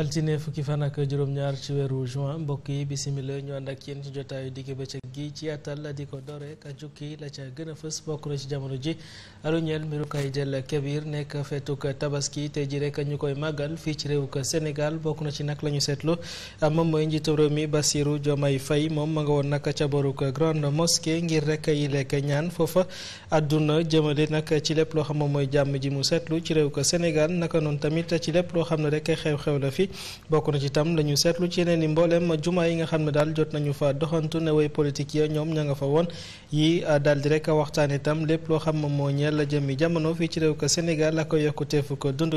altine fukki fan ak juróom-ñaar ci weeru juin mbokk yi bisimila ñu ànd ak yéen ci jotaayu digg bëccëg gi ci yàttal la di ko dore ka jukki la ca gën a fës bokk na ci jamono ji alu ñeel mbiru kay jël kebir nekk feetuk tabaski te ji rek ñu koy màggal fii ci réew ka Sénégal bokk na ci nag la ñu seetlu moom mooy njiitu réew mi Bassirou Diomaye Faye moom ma nga woon nag ca boruk grande mosquée ngir rek yi lekk ñaan foofa àdduna jëmale nag ci lépp loo xam moom mooy jàmm ji mu seetlu ci réew ka Sénégal naka noonu tamit ci lépp loo xam ne rek xew bokk na ci tam la ñu seetlu ci yeneen i mbooleem jumaa yi nga xam ne daal jot nañu fa doxantu ne way politique ya ñoom ña nga fa woon yi ah, daal di rek waxtaan itam lépp loo xam moo ñeel jëmi jamono fii ci réew ko Sénégal la ko yokkuteefu ko dund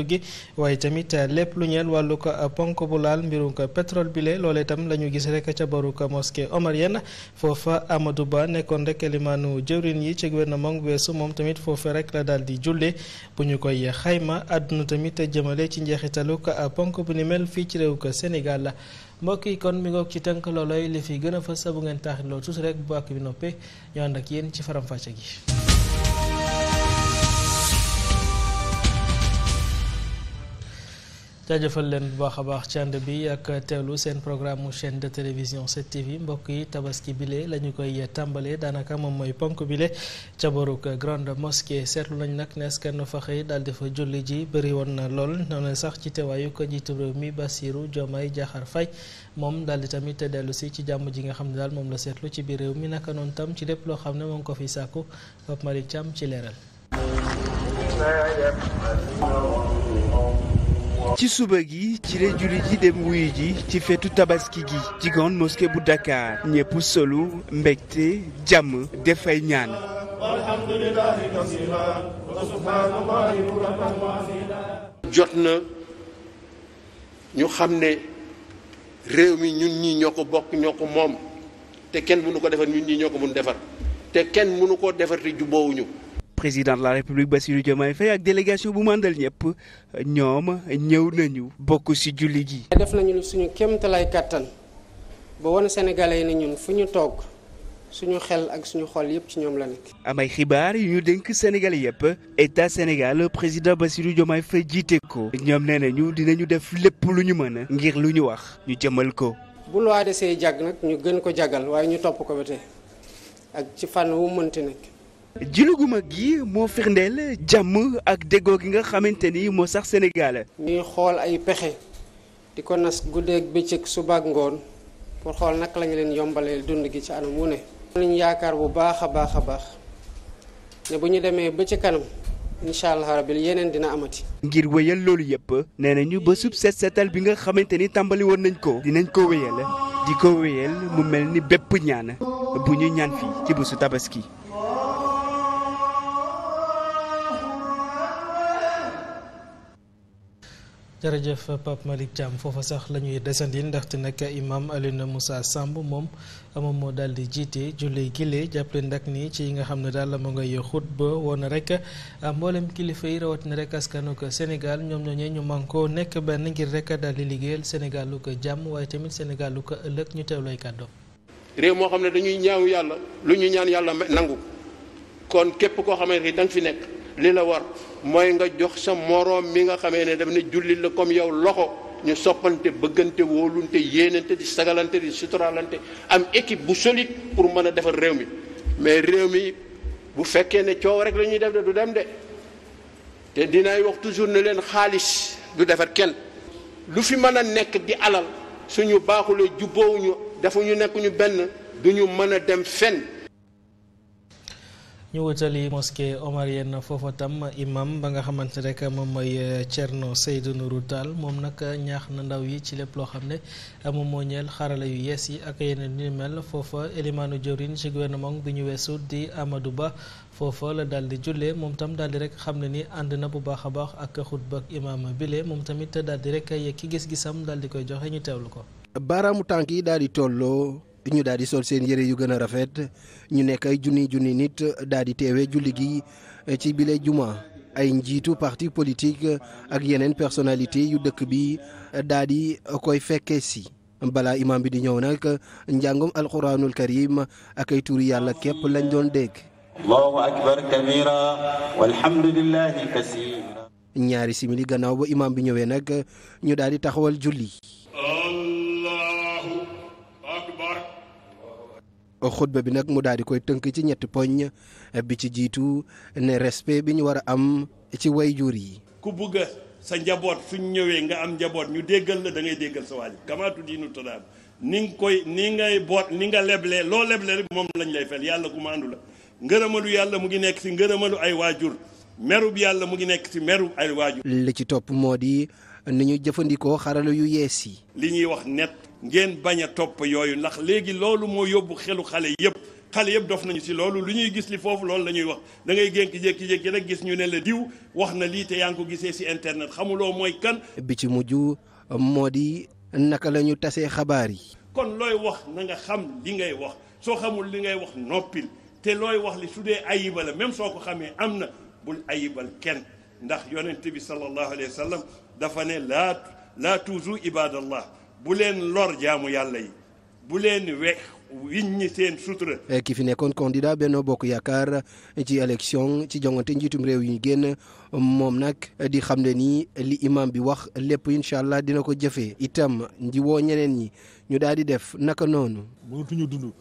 waaye tamit ah, lépp lu ñeel wàllu ko ah, ponk bu laal mbiru ko pétrole bi le loolee la ñu gis rek ca baru ko mosquée omarienne foofa amadu Ba nekkoon rek limaanu jëwrin yi ci gouvernement weesu moom tamit foofa rek la daal di jullee bu ñu koy xayma àdduna tamit jëmale ci njeexitalu ko ponk yëngal fii ci réew ko Sénégal la mbokk yi kon mi ngoog ci tënk looloy li fi gën a fës bu ngeen taaxin loolu tuuti rek bu ak bi noppee ñu ànd ak yéen ci faram-fàcce gi. jaajëfal leen bu baax a baax ci bi ak teewlu seen programme mu chaîne de télévision 7TV mbokk yi tabaski bile la ñu koy tàmbalee daanaka moom mooy ponk bile ca boruk grande seetlu nañ nag ne askan fa xëy daal di fa julli ji bëri woon na lool noonu sax ci teewaayu ko jiitu réew mi Bassirou Diomaye Diakhar Faye moom daal di tamit dellu si ci jàmm ji nga xam ne daal moom la seetlu ci biir réew mi naka noonu tam ci lépp loo xam ne moom ko fi sàkku Pape Malick ci leeral. ci suba gi ci la jullit yi dem wuyu ji ci fetu tabaski gi ci moske bu Dakar ñépp solu mbégte jàmm defay ñaan jot na ñu xam ne réew mi ñun ñii ñoo ko bokk ñoo ko moom te kenn mënu ko defar ñun ñi ñoo ko mun defar te kenn mënu koo defar te jubboowuñu président de la république Bassirou Diomaye Faye ak délégation bu mu àndal ñëpp ñoom ñëw nañu bokk ci julli gi. def nañu suñu kéemtalaay kàttan ba wane sénégalais yi ne ñun fu ñu toog suñu xel ak suñu xol yëpp ci ñoom la nekk. amay xibaar yu ñu dénk Sénégal yëpp état Sénégal président Bassirou Diomaye fay jiite ko ñoom nee nañu dinañu def lépp lu ñu mën a ngir lu ñu wax ñu jëmal ko. bu loi desee jàgg nag ñu gën ko jàggal waaye ñu topp ko ba tey ak ci fànn wu mënti jiluguma gi moo firndeel jàmm ak déggoo gi nga xamante ni moo sax Sénégal. ñuy xool ay pexe di ko nas guddeeg bëccëg suba ak ngoon pour xool naka lañu leen yombalee dund gi ci anam wu ne. yaakaar bu baax a baax a baax ne bu ñu demee ba ci kanam incha allah rabil yeneen dina amati. ngir wéyal loolu yëpp nee nañu ba sub set bi nga xamante ni tàmbali woon nañ ko. dinañ ko wéyal di ko wéyal mu mel ni bépp ñaan bu ñu ñaan fii ci bésu tabaski. jërëjëf Pape Malick Thiam foofa sax la ñuy desandi ndaxte nag imam na Moussa Samb moom moom moo daal di jiite julli gile jàppale ndak ni ci yi nga xam ne daal mu ngay xutba woon rek mboolem kilifa yi rawatina rek askanu ko Sénégal ñoom ñooñee ñu mànkoo nekk benn ngir rek daal di liggéeyal Sénégal lu ko jàmm waaye tamit Sénégal lu ko ëllëg ñu teew lay kàddoom. réew moo xam ne dañuy ñaaw yàlla lu ñu ñaan yàlla nangu kon képp koo xamante ni da fi nekk. li la war mooy nga jox sa moroom mi nga xamee ne daf ne jullit la comme yow loxo ñu soppante bëggante wóolunte yéenante di sagalante di suturalante am équipe bu solide pour mën a defar réew mi mais réew mi bu fekkee ne coow rek lañuy ñuy def de du dem de te dinay wax toujours ne leen xaalis du defar kenn lu fi mën a nekk di alal suñu baaxulee jubboowuñu dafa ñu nekkuñu benn du ñu mën a dem fenn ñu wutali mosquée omarienne foofa tam imam ba nga xamante rek moom mooy euh, Thierno Seydou Nourou Tall moom nag ñaax na ndaw yi ci lépp loo xam ne euh, moom moo ñeel xarala yu yees yi ak yenn yu mel foofa élimaanu jëwriñ ci gouvernement bi ñu weesu di amadu Ba foofa la daal di jullee moom tam daal di rek xam ne ni ànd na bu baax a baax ak xutba ak imaam bile moom tamit daal di rek ki gis-gisam daal di koy joxe ñu teewlu ko. ñu daal di sol seen yëre yu gën a rafet ñu nekk ay junni junni nit daal di teewee julli gi ci bile juma ay njiitu parti politique ak yeneen personnalité yu dëkk bi daal koy fekkee si. balaa imaam bi di ñëw nag njàngum alquranul karim ak ay tuuri yàlla képp lañ doon dégg. allahu akbar kabira walhamdulillahi kasira ñaari simili gannaaw ba imaam bi ñëwee nag ñu daal di taxawal julli. xutba bi nag mu daal di koy tënk ci ñetti poñ bi ci jiitu ne respect bi ñu war a am ci way jur yi. ku bugg sa njaboot suñ ñëwee nga am njaboot ñu déggal la da ngay déggal sa waajur kamaatu diinu tadaab ni nga koy ni ngay boot ni nga leble loo leblee rek moom lañ lay fel yàlla ku maandu la ngërëmalu yàlla mu ngi nekk si ngërëmalu ay waajur merub yàlla mu ngi nekk si meru ay waajur. li ci topp moo di. ni ñu jëfandikoo xarala yu yees yi. li ñuy wax net ngeen bañ a topp yooyu ndax léegi loolu moo yóbbu xelu xale yépp xale yëpp dof nañu si loolu li ñuy gis li foofu loolu la ñuy wax da ki génk jékki-jékki rek gis ñu ne la diw wax na lii te yaa ngi ko gisee ci internet xamuloo mooy kan. bi ci mujj moo di naka la ñu tasee xabaar yi. kon looy wax na xam li ngay wax soo xamul li ngay wax noppil te looy wax li su dee ayiba la même soo ko xamee am na bul ayibal kenn. ndax yonent bi sallallahu alayhi dafa ne laa laa tuuzu ibadallah bu leen lor jaamu yàlla yi bu leen wex wiññi seen sutura. Eh, ki fi nekkoon candidat benn Bokk Yaakaar ci élection ci jongante njiitum réew yi ñu génn moom nag di xam ne nii li imam bi wax lépp incha allah dina ko jëfee itam nji ñeneen ñi ñu daal di def naka noonu. mënatuñu dund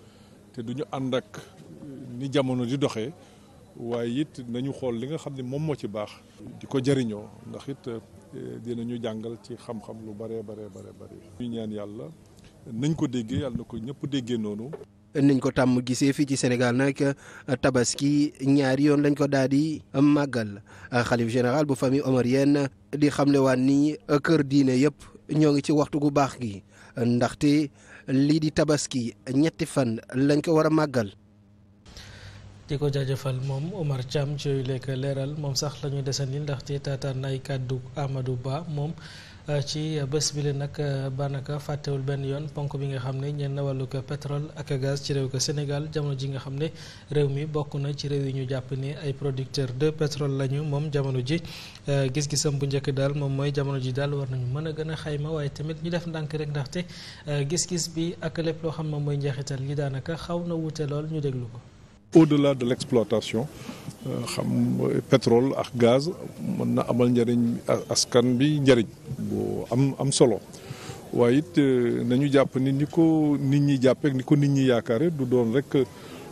te duñu am ak ni jamono di doxe waaye it nañu xool li nga xam ne moom moo ci baax. di ko jëriñoo ndax it eh, dinañu jàngal ci xam-xam lu bëree bare bare bëri. ñu ñaan yàlla nañ ko déggee yàlla na ko ñëpp déggee noonu. niñ ko tàmm gisee fii ci senegal nag tabaski ñaari yoon lañ ko daal di màggal xalif général bu famille omarienne di xam ne xamlewaat ni kër diine yëpp ñoo ngi ci waxtu gu baax gi ndaxte lii di tabaski ñetti fan lañ ko war a màggal. di ko jaajëfal moom Omar Thiam ci yooyu lekk leeral moom sax la ñuy desandi ndaxte taataan na ay kàddu amadu Ba moom euh, ci bés bi la nag euh, banaka fàttewul benn yoon ponk bi nga xam ne ñenn wàllu ko pétrole ak gaz ci réew ko Sénégal jamono ji nga xam ne réew mi bokk na ci réew yi ñu jàpp ne ay producteurs de pétrole lañu moom jamono ji euh, gis-gisam bu njëkk daal moom mooy jamono ji daal war nañu mën a gën a xayma waaye tamit ñu def ndànk rek ndaxte gis-gis bi ak lépp loo xam ne mooy njeexital yi daanaka xaw na wuute lool ñu déglu ko. de delà de l'exploitation euh, xam pétrole ak gaz mën na amal njariñ askan bi njëriñ bu am am solo waaye it euh, nañu jàpp ni ni ko nit ñi jàppeek ni ko nit ñi yaakaare du doon rek euh,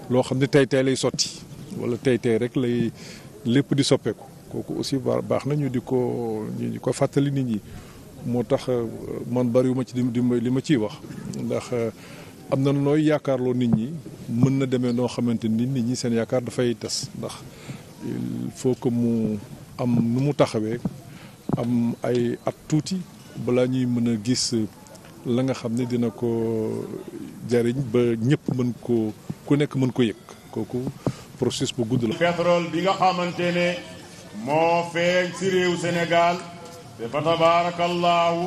loo xam ne tey tey lay sotti wala tey tey rek lay lépp di soppeeku kooku aussi baax na ñu di ko ñu di ko fàttali nit ñi moo tax man bariwuma ci li ma ciy wax ndax am na nooy yaakaarloo nit ñi mën na demee noo xamante ni nit ñi seen yaakaar dafay tas ndax foo ko mu am nu mu taxawee am ay at tuuti balaa ñuy mën a gis la nga xam ne dina ko jariñ ba ñëpp mën ko ku nekk mën ko yëg kooku processus bu gudd la. pétrole bi nga xamante ne moo feeñ ci réew Sénégal te fa tabaarakallaahu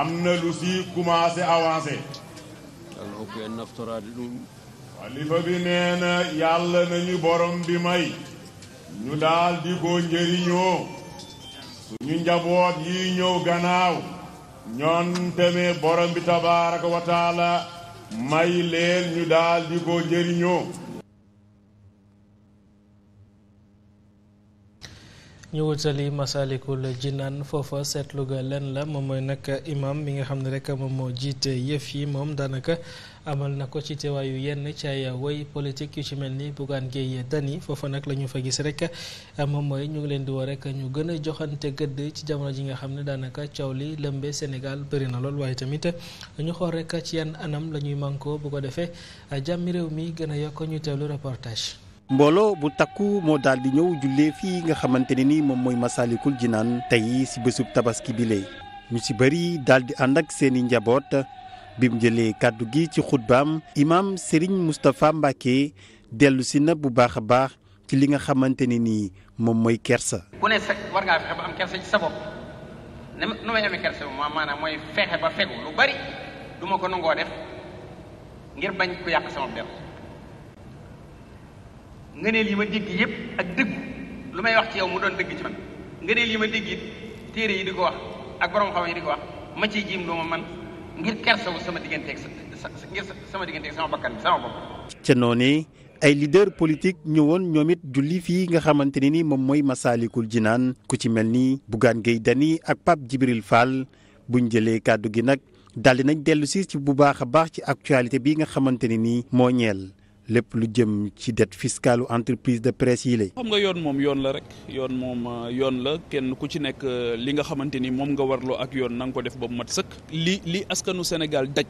am na lu ci commencé avancé. rabbuka xalifa bi nee na yàlla nañu borom bi may ñu daal di ko njëriñoo suñu njaboot yi ñëw gannaaw ñoon tamit borom bi tabaaraka wa taala may leen ñu daal ko njëriñoo moom mooy amal na ko ci teewaayu yenn ci ay woy politique yu ci mel ni Bougane Gueye Dany foofa nag la ñu fa gis rek moom mooy ñu ngi leen di woo rek ñu gën a joxante gëdd ci jamono ji nga xam ne daanaka coow li lëmbee Sénégal bëri na lool waaye tamit dañu xool rek ci yan anam la ñuy mànkoo bu ko defee jàmmi réew mi gën a yokk ñu teewlu reportage. mbooloo bu takku moo daal di ñëw jullee fii nga xamante ne ni moom mooy Masaalikul naan tey si bésub tabaski bi léegi ñu si bëri daal di ànd ak seen i njaboot bi mu jëlee kàddu gi ci xutbaam imaam Serigne Moustapha Mbacke dellu na bu baax a baax ci li nga xamante ni nii moom mooy kersa. ku ne war ngaa fexe ba am kersa ci sa ne nu may amee kersa moom maanaam mooy fexe ba fegu lu bari du ko nangoo def ngir bañ ku yàq sama der ngëneel yi ma dégg yépp ak dëggu lu may wax ci yow mu doon dëgg ci man ngëneel yi ma dégg it téere yi di ko wax ak borom xam yi di ko wax ma ciy jiim lu ma man ngir kersawu ca noonu ay leader politique ñëwoon ñoom it julli fii nga xamante ne ni moom mooy Masaalikul Jinaan ku ci mel ni Bougane Gueye Dany ak Pape Djibril Fall buñ jëlee kàddu gi nag daal di nañ dellu ci bu baax a baax ci actualité bi nga xamante ni moo ñeel. lépp lu jëm ci dette fiscale entreprise de presse yi lay. xam nga yoon moom yoon la rek yoon moom euh, yoon la kenn ku ci nekk euh, li nga xamante ni moom nga warloo ak yoon na ko def ba mu mat sëkk. li li askanu Sénégal daj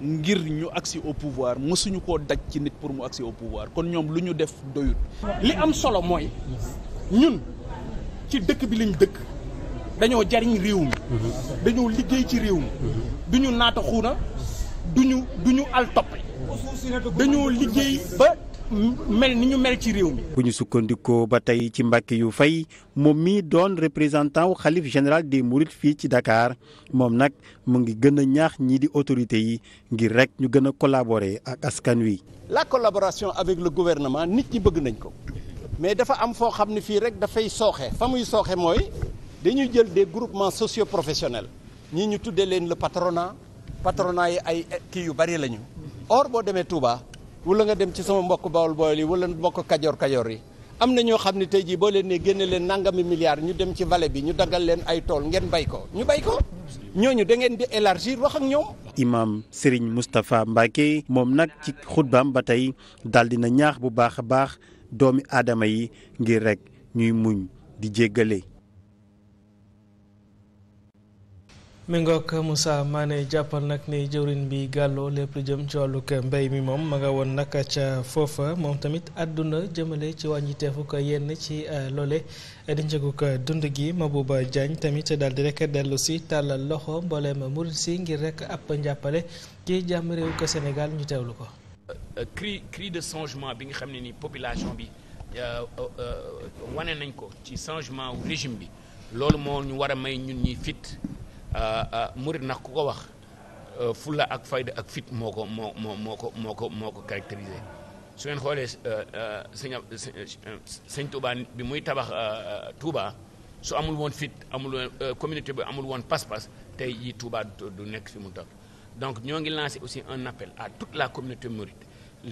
ngir ñu agsi au pouvoir mësuñu ko daj ci nit pour mu agsi au pouvoir kon ñoom lu ñu def doyut. li am solo mooy ñun ci dëkk bi lañ dëkk dañoo jariñ réew mi. Mhm. dañoo liggéey ci réew mi. Mhm. du ñu naata xuuna du ñu du dañoo liggéey ba mel ni ñu mel ci réew mi. bu ñu sukkandikoo ba tey ci Mbàkke yu fay moom mii doon représentant wu xalif général des Mourides fii ci dakaar moom nag mu ngi gën a ñaax ñii di autorités yi ngir rek ñu gën a collaborer ak askan wi. la collaboration avec le gouvernement nit ñi bëgg nañ ko mais dafa am foo xam ne fii rek dafay sooxe fa muy sooxe mooy dañuy jël des groupements professionnel ñii ñu tuddee leen le patronat patronat yi ay kii yu bari lañu. or boo demee Touba wala nga dem ci sama mbokk bawol bawol yi wala mbokk kajoor kajoor yi am na ñoo xam ne tey jii boo leen ne génne leen nangami milliards ñu dem ci vallée bi ñu daggal leen ay tool ngeen bay ko ñu bay ko ñooñu dangeen ngeen di élargir wax ak ñoom. imaam Serigne Moustapha Mbacke moom nag ci xutbaam ba tey daal na ñaax bu baax a baax doomi aadama yi ngir rek ñuy muñ di jéggale. mi ngoog Moussa Mané jàppal nag ni jëwriñ bi gàlloo lépp lu jëm ci wàllug mbéy mi moom ma nga woon nag ca foofa moom tamit àdduna jëmale ci wàññi teefuk yenn ci euh, loole di njëgug dund gi ma Mabouba Diagne tamit daal di rek dellu si tàllal loxo mbooleem murid si ngir rek ab njàppale ci jàmm réew ko Sénégal ñu teewlu ko. cri de changement bi nga xam ne ni population bi euh, euh, wane nañ ko ci changement régime bi loolu moo ñu war may ñun ñuy fit. Euh, euh, murit nag ku ko wax euh, fulla ak fayda ak fit moo ko moo moo moo ko moo ko moo ko caractérisé su ngeen xoolee sëñ sëñ Touba bi muy tabax Touba su amul woon fit amul woon communauté bi amul woon pas-pas tey jii Touba du nekk fi mu toll donc ñoo ngi lancé aussi un appel à tout la communauté mouride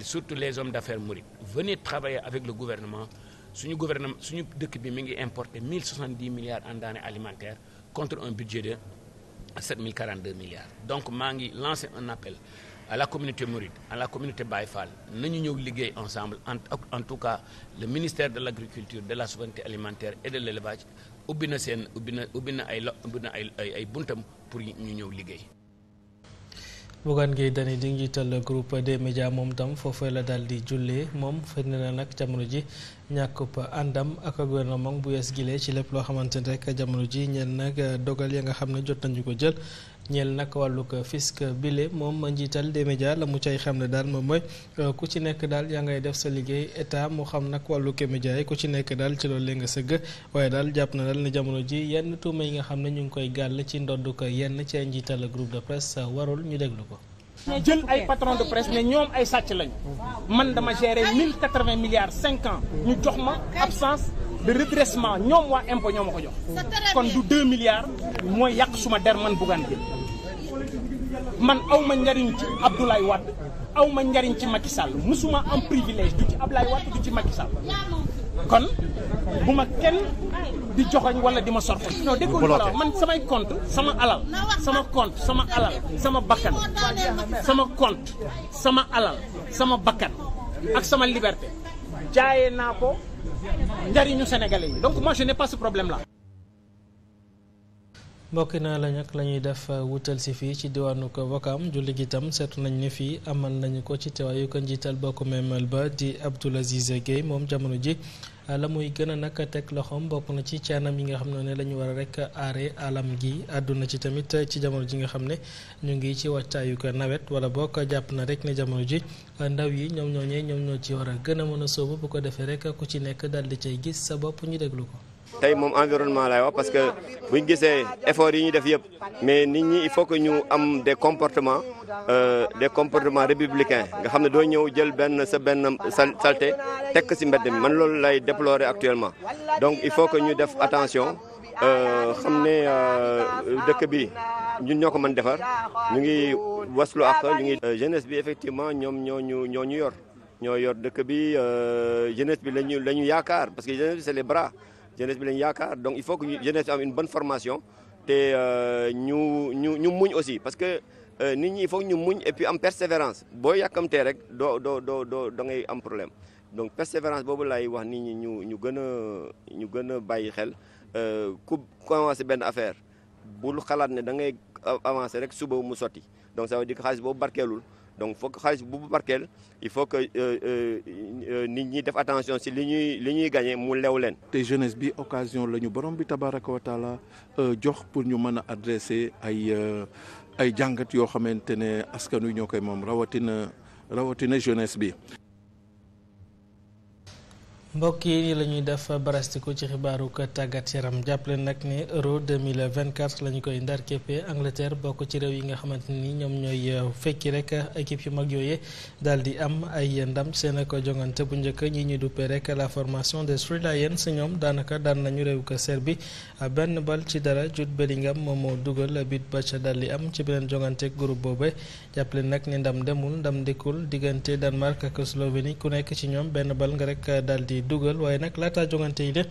surtout les hommes d'affaires mourides venez travailler avec le gouvernement suñu gouvernement suñu dëkk bi mi ngi importer 1070 milliards en denrées alimentaires contre un budget de 7042 milliards donc maa ngi lancé un appel à la communauté mouride à la communauté baay Fall nañu ñëw liggéey ensemble en en tout cas le ministère de l' agriculture de la souveraineté alimentaire et de l' élevage ubbi na seen ubbi na ubbi na ay lo na ay ay buntam pour ñu ñëw liggéey Bougane Gueye Dany di njiital groupe des médias moom tam foofee la daal di jullee moom fekk na nag jamono ji ñàkkub àndam ak gouvernement bu yees gilee ci lépp loo xamante ne rek jamono ji ñenn nag dogal ya nga xam ne jot nañu ko jël ñeel nag wàllug fisc bile moom njiital des médias la mu cay xam ne daal moom mooy euh, ku ci nekk daal yaa ngay def sa liggéey état mu xam nag wàllug médias yi ku ci nekk daal ci loolu la nga sëgg waaye daal jàpp na daal ne jamono ji yenn tuuma yi nga xam ne ñu ngi koy gàll ci ndodd ko yenn ci ay njiital groupe de presse warul ñu déglu ko. jël ay patron de presse ne ñoom ay sàcc lañu. man dama gérer mille quatre-vingts milliards cinq ans. ñu jox ma absence. de redressement ñoom waa impôt ñoo ma ko jox kon du 2 milliards mooy yàq suma der man Bougane bi man aw ma njariñ ci Abdoulaye Wade aw ma njariñ ci Macky Sall musuma am privilège du ci Abdoulaye Wade du ci Macky Sall kon bu ma kenn di joxoñ wala di ma sorxoñ non déggoo la man samay compte sama alal sama compte sama alal sama bakkan sama compte sama alal sama bakkan ak sama liberté jaayee naa ko njariñu sénégalais yi donc moi je n'ai pas ce problème là mbokki naa la nag la ñuy def euh, wutal si fii ci diwaanu ko Wakaam julli gi tam seetu nañ ne fii amal nañu ko ci teewaayu ko njiital bokk memal ba di Abdoul Aziz Guèye moom jamono ji euh, la muy gën a nag teg loxoom bokk na ci caanam yi nga xam ne la ñu war a rek aare alam gi àdduna ci tamit ci jamono ji nga xam ne ñu ngi ci waajtaayu ko nawet wala bokk jàpp na rek ne jamono ji euh, ndaw yi ñoom ñoo ñoom ñoo ci war a gën a mën a sóobu bu ko defee rek ku ci nekk daal di cay gis sa bopp ñu déglu ko. tey moom environnement laay wax parce que bu gisee effort yi ñuy def yëpp mais nit ñi il faut que ñu am des comportements euh, des comportements républicains nga xam ne doo ñëw jël benn sa benn salté teg si mbedd mi man loolu lay déplorer actuellement donc il faut que ñu def attention euh, xam ne euh, dëkk bi ñun ñoo ko mën defar ñu ngi waslu ak ñu ngi jeunesse bi effectivement ñoom ñoo ñu ñoo ñu yor ñoo yor dëkk bi jeunesse bi lañu la ñu yaakaar parce que jeunesse bi c'est les bras jeunesse bi lañ yaakaar donc il faut que jeunesse am une bonne formation te euh, ñu ñu ñu muñ aussi parce que euh, nit ñi il faut ñu muñ et puis am persévérance boo yàkkamtee rek doo doo doo doo da ngay am problème donc persévérance boobu laay wax ni ñi ñu ñu gën a ñu gën a bàyyi xel euh, ku commencé benn affaire bul xalaat ne da ngay avancer rek suba mu sotti donc ça veut dire que xaalis boobu barkeelul donc foog xaalis bu barkeel il faut que euh, euh, euh, nit ñi def attention si li ñuy li ñuy gagné mu lew leen. te jeunesse bi occasion la ñu borom bi tabaraka wa taala jox pour ñu mën a adressé ay ay jàngat yoo xamante ne askan wi ñoo koy moom rawatina rawatina jeunesse bi. mbokk yi la ñuy def barastiku ci xibaaru tàggat yaram jàppale nag ne euro 2024 la ñu koy ndar képpee Angleterre bokk ci réew yi nga xamante ni ñoom ñooy euh, fekki rek équipe yu mag yooyee daal di am ay ndam seen ak jongante bu njëkk ñi ñu duppee rek la formation des Three Lions ñoom daanaka daan nañu réew ko Serbie benn bal ci dara Jude Bellingham moom moo dugal bit ba ca daal di am ci beneen jongante groupe boobe jàppale nag ne ndam demul ndam dikkul diggante Danemark ak Slovénie ku nekk ci ñoom benn bal rek daal di dugal waaye nag laataa jongante yi de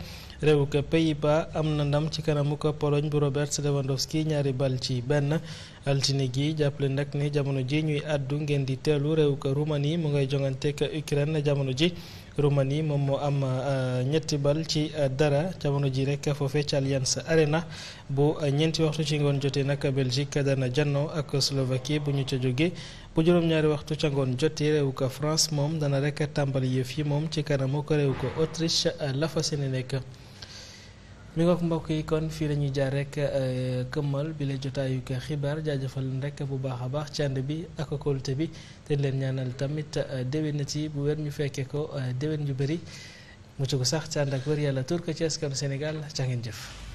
réewu ko pays am na ndam ci kanamu ko Pologne bu Robert Lewandowski ñaari bal ci benn altine gi jàppale nag ne jamono ji ñuy àddu ngeen di teelu réew ko Roumanie mu ngay jongante ko Ukraine jamono ji Roumanie moom moo am euh, ñetti bal ci euh, dara jamono ji rek foofe ci Allianz Arena bu euh, ñeenti waxtu ci ngoon jotee nag Belgique dana janno ak Slovaquie bu ñu ca jóge bu juróom-ñaari waxtu ca ngoon jotee réew ko France moom dana rek tàmbali yëf yi moom ci kanamu ko réew ko Autriche euh, lafa fa seeni nekk. mi ngoog mbokk yi kon fii lañuy jaar rek euh, këmmal bi la jotaayu ko xibaar jaajëfal leen rek bu baax a baax ci ànd bi ak kóolute bi te leen ñaanal tamit euh, déwénati bu wér ñu fekkee ko déwén yu bëri mu ci ko sax ci ak wér yàlla tur ko ci askanu Sénégal ca ngeen jëf.